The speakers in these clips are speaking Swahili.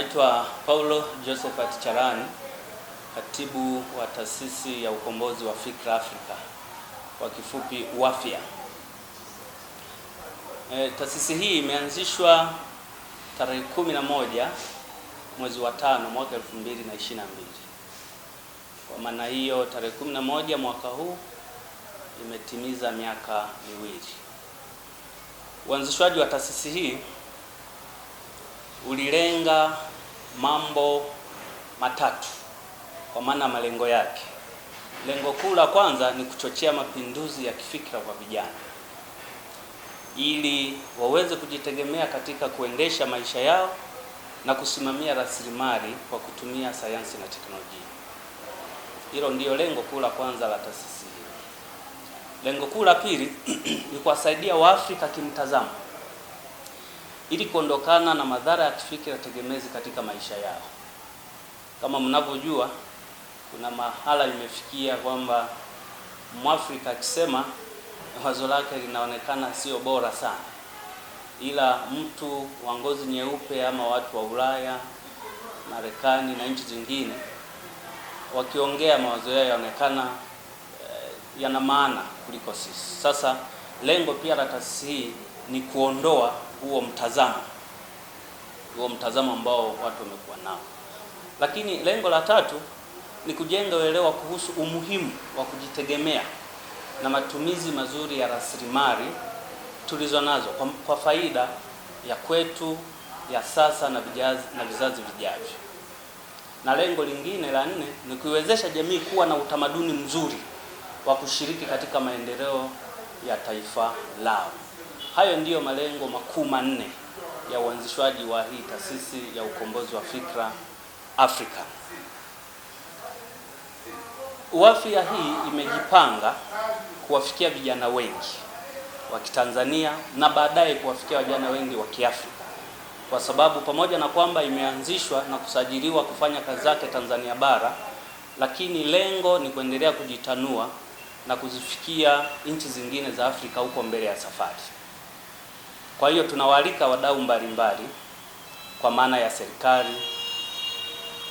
Naitwa Paulo Josephat Charani, katibu wa taasisi ya ukombozi wa fikra Afrika, kwa kifupi WAFIA. E, taasisi hii imeanzishwa tarehe 11 mwezi wa tano mwaka 2022. Kwa maana hiyo tarehe 11 mwaka huu imetimiza miaka miwili. Uanzishwaji wa taasisi hii ulilenga mambo matatu kwa maana malengo yake. Lengo kuu la kwanza ni kuchochea mapinduzi ya kifikra kwa vijana ili waweze kujitegemea katika kuendesha maisha yao na kusimamia rasilimali kwa kutumia sayansi na teknolojia. Hilo ndiyo lengo kuu la kwanza la taasisi hii. Lengo kuu la pili ni kuwasaidia Waafrika kimtazamo ili kuondokana na madhara ya kifikira tegemezi katika maisha yao. Kama mnavyojua, kuna mahala limefikia kwamba Mwafrika akisema wazo lake linaonekana sio bora sana, ila mtu wa ngozi nyeupe ama watu wa Ulaya, Marekani na nchi zingine wakiongea mawazo yao yaonekana eh, yana maana kuliko sisi. Sasa lengo pia la taasisi hii ni kuondoa huo mtazamo, huo mtazamo ambao watu wamekuwa nao. Lakini lengo la tatu ni kujenga uelewa kuhusu umuhimu wa kujitegemea na matumizi mazuri ya rasilimali tulizonazo kwa, kwa faida ya kwetu ya sasa na vijazi, na vizazi vijavyo. Na lengo lingine la nne ni kuiwezesha jamii kuwa na utamaduni mzuri wa kushiriki katika maendeleo ya taifa lao. Hayo ndiyo malengo makuu manne ya uanzishwaji wa hii taasisi ya ukombozi wa fikra Afrika. Uafya hii imejipanga kuwafikia vijana wengi wa Kitanzania na baadaye kuwafikia vijana wengi wa Kiafrika, kwa sababu pamoja na kwamba imeanzishwa na kusajiliwa kufanya kazi zake Tanzania bara, lakini lengo ni kuendelea kujitanua na kuzifikia nchi zingine za Afrika huko mbele ya safari. Kwa hiyo tunawaalika wadau mbalimbali kwa maana ya serikali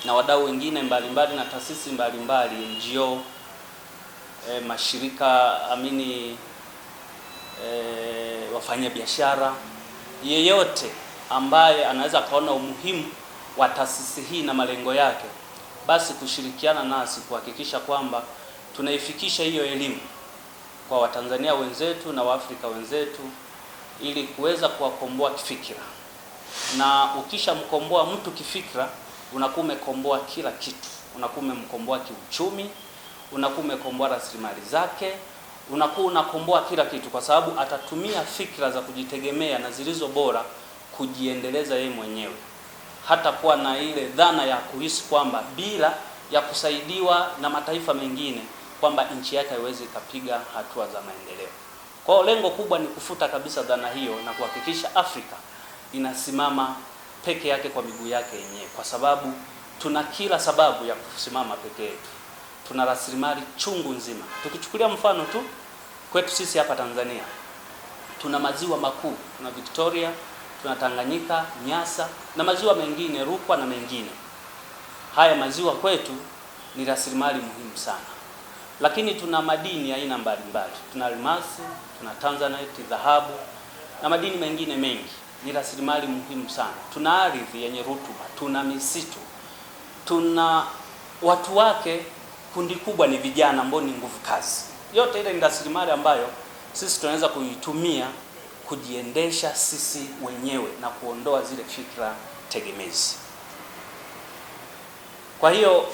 na wadau wengine mbalimbali na taasisi mbalimbali NGO, e, eh, mashirika amini, e, eh, biashara yeyote ambaye anaweza akaona umuhimu wa taasisi hii na malengo yake, basi kushirikiana nasi kuhakikisha kwamba tunaifikisha hiyo elimu kwa Watanzania wenzetu na Waafrika wenzetu ili kuweza kuwakomboa kifikira, na ukishamkomboa mtu kifikira unakuwa umekomboa kila kitu, unakuwa umemkomboa kiuchumi, unakuwa umekomboa rasilimali zake, unakuwa unakomboa kila kitu, kwa sababu atatumia fikra za kujitegemea na zilizo bora kujiendeleza yeye mwenyewe. Hata kuwa na ile dhana ya kuhisi kwamba bila ya kusaidiwa na mataifa mengine kwamba nchi yake haiwezi ikapiga hatua za maendeleo. Kwa lengo kubwa ni kufuta kabisa dhana hiyo na kuhakikisha Afrika inasimama peke yake kwa miguu yake yenyewe, kwa sababu tuna kila sababu ya kusimama peke yetu. Tuna rasilimali chungu nzima. Tukichukulia mfano tu kwetu sisi hapa Tanzania, tuna maziwa makuu, tuna Victoria, tuna Tanganyika, Nyasa na maziwa mengine, Rukwa na mengine. Haya maziwa kwetu ni rasilimali muhimu sana lakini tuna madini aina mbalimbali, tuna almasi, tuna tanzanite, dhahabu na madini mengine mengi. Ni rasilimali muhimu sana. Tuna ardhi yenye rutuba, tuna misitu, tuna watu wake, kundi kubwa ni vijana ambao ni nguvu kazi. Yote ile ni rasilimali ambayo sisi tunaweza kuitumia kujiendesha sisi wenyewe na kuondoa zile fikra tegemezi. Kwa hiyo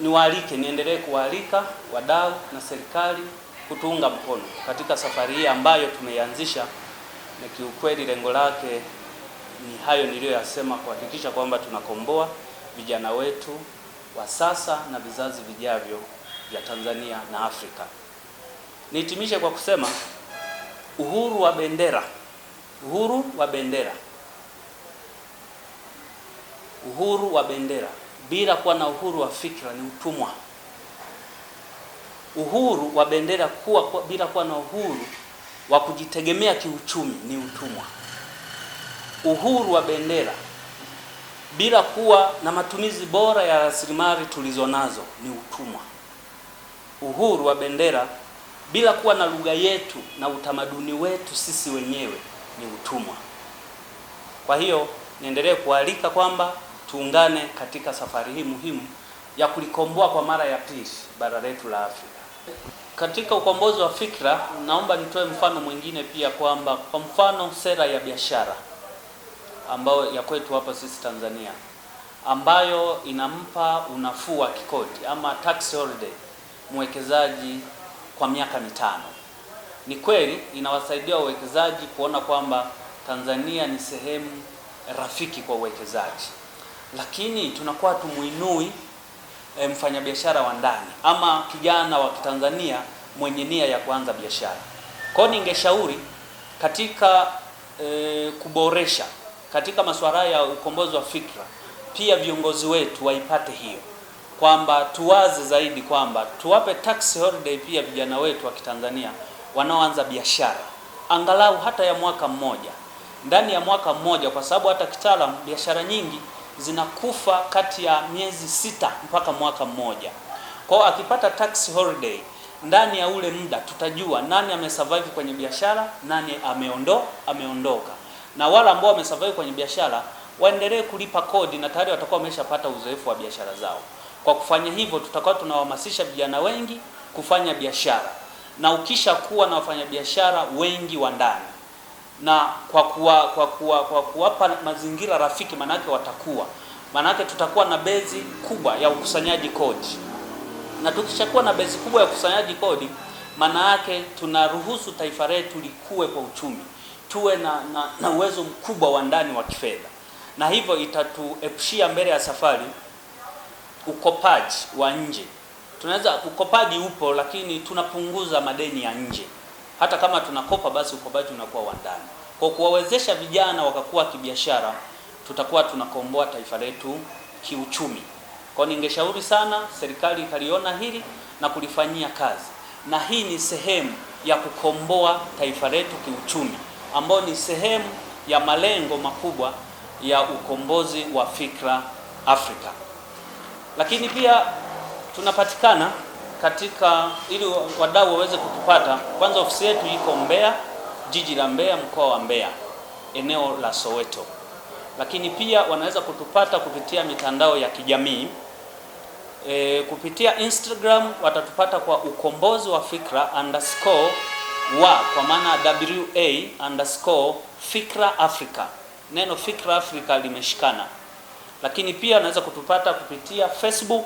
niwaalike, niendelee kuwaalika wadau na serikali kutuunga mkono katika safari hii ambayo tumeianzisha, na kiukweli lengo lake ni hayo niliyoyasema, kuhakikisha kwamba tunakomboa vijana wetu wa sasa na vizazi vijavyo vya Tanzania na Afrika. Nihitimishe kwa kusema uhuru wa bendera, uhuru wa bendera, uhuru wa bendera bila kuwa na uhuru wa fikra ni utumwa. Uhuru wa bendera kuwa, kuwa bila kuwa na uhuru wa kujitegemea kiuchumi ni utumwa. Uhuru wa bendera bila kuwa na matumizi bora ya rasilimali tulizonazo ni utumwa. Uhuru wa bendera bila kuwa na lugha yetu na utamaduni wetu sisi wenyewe ni utumwa. Kwa hiyo niendelee kualika kwamba tuungane katika safari hii muhimu ya kulikomboa kwa mara ya pili bara letu la Afrika. Katika ukombozi wa fikra, naomba nitoe mfano mwingine pia kwamba kwa mfano sera ya biashara ambayo ya kwetu hapa sisi Tanzania ambayo inampa unafuu wa kikodi ama tax holiday mwekezaji kwa miaka mitano. Ni kweli inawasaidia wawekezaji kuona kwamba Tanzania ni sehemu rafiki kwa uwekezaji lakini tunakuwa tumuinui e, mfanyabiashara wa ndani ama kijana wa Kitanzania mwenye nia ya kuanza biashara. Kwa hiyo ningeshauri katika e, kuboresha katika masuala ya ukombozi wa fikra, pia viongozi wetu waipate hiyo kwamba tuwaze zaidi kwamba tuwape tax holiday pia vijana wetu wa Kitanzania wanaoanza biashara angalau hata ya mwaka mmoja, ndani ya mwaka mmoja, kwa sababu hata kitaalam biashara nyingi zinakufa kati ya miezi sita mpaka mwaka mmoja. Kwa hiyo akipata tax holiday ndani ya ule muda tutajua nani amesurvive kwenye biashara, nani ameondo, ameondoka. Na wale ambao wamesurvive kwenye biashara waendelee kulipa kodi na tayari watakuwa wameshapata uzoefu wa biashara zao. Kwa kufanya hivyo, tutakuwa tunawahamasisha vijana wengi kufanya biashara, na ukisha kuwa na wafanyabiashara wengi wa ndani na kwa kuwapa kwa kuwa, kwa kuwapa mazingira rafiki, maanake watakuwa, maanake tutakuwa na bezi kubwa ya ukusanyaji kodi, na tukishakuwa na bezi kubwa ya ukusanyaji kodi, maana yake tunaruhusu taifa letu likue kwa uchumi, tuwe na, na, na uwezo mkubwa wa ndani wa kifedha, na hivyo itatuepushia mbele ya safari ukopaji wa nje. Tunaweza ukopaji upo, lakini tunapunguza madeni ya nje hata kama tunakopa basi ukopaji unakuwa wa ndani. Kwa kuwawezesha vijana wakakuwa kibiashara, tutakuwa tunakomboa taifa letu kiuchumi. Kwa ningeshauri sana serikali ikaliona hili na kulifanyia kazi, na hii ni sehemu ya kukomboa taifa letu kiuchumi, ambayo ni sehemu ya malengo makubwa ya ukombozi wa fikra Afrika. Lakini pia tunapatikana katika ili wadau waweze kutupata, kwanza ofisi yetu iko Mbeya, jiji la Mbeya, mkoa wa Mbeya, eneo la Soweto, lakini pia wanaweza kutupata kupitia mitandao ya kijamii e, kupitia Instagram watatupata kwa ukombozi wa fikra underscore wa kwa maana wa underscore fikra afrika Neno fikra afrika limeshikana, lakini pia wanaweza kutupata kupitia Facebook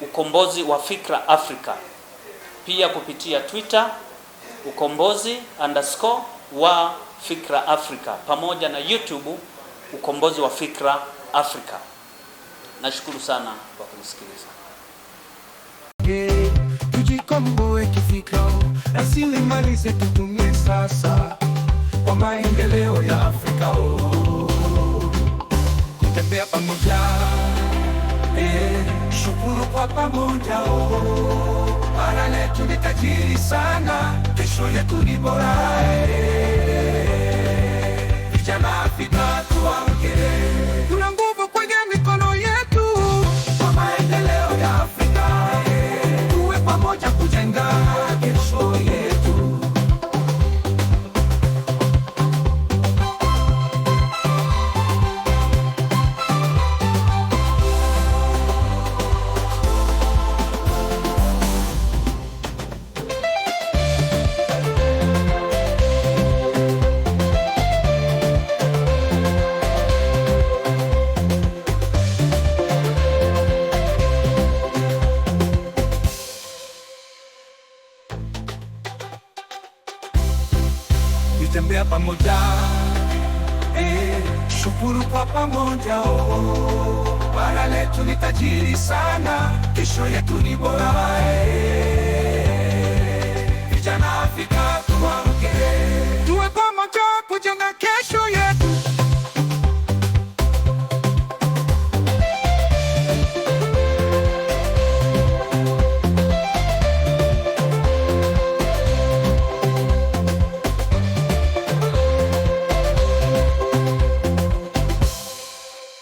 ukombozi wa fikra Afrika, pia kupitia Twitter ukombozi underscore wa fikra Afrika, pamoja na YouTube ukombozi wa fikra Afrika. Nashukuru sana kwa kunisikiliza. Tujikomboe kifikra, rasilimali zetu tumie sasa kwa maendeleo. Tushukuru kwa pamoja, oh, oh, oh, bara letu ni tajiri sana, kesho yetu ni bora. Eh. Vijana Afrika tuamke. Tembea pamoja eh, shukuru kwa pamoja oh, oh, oh. Bara letu ni tajiri sana, kesho yetu ni bora eh.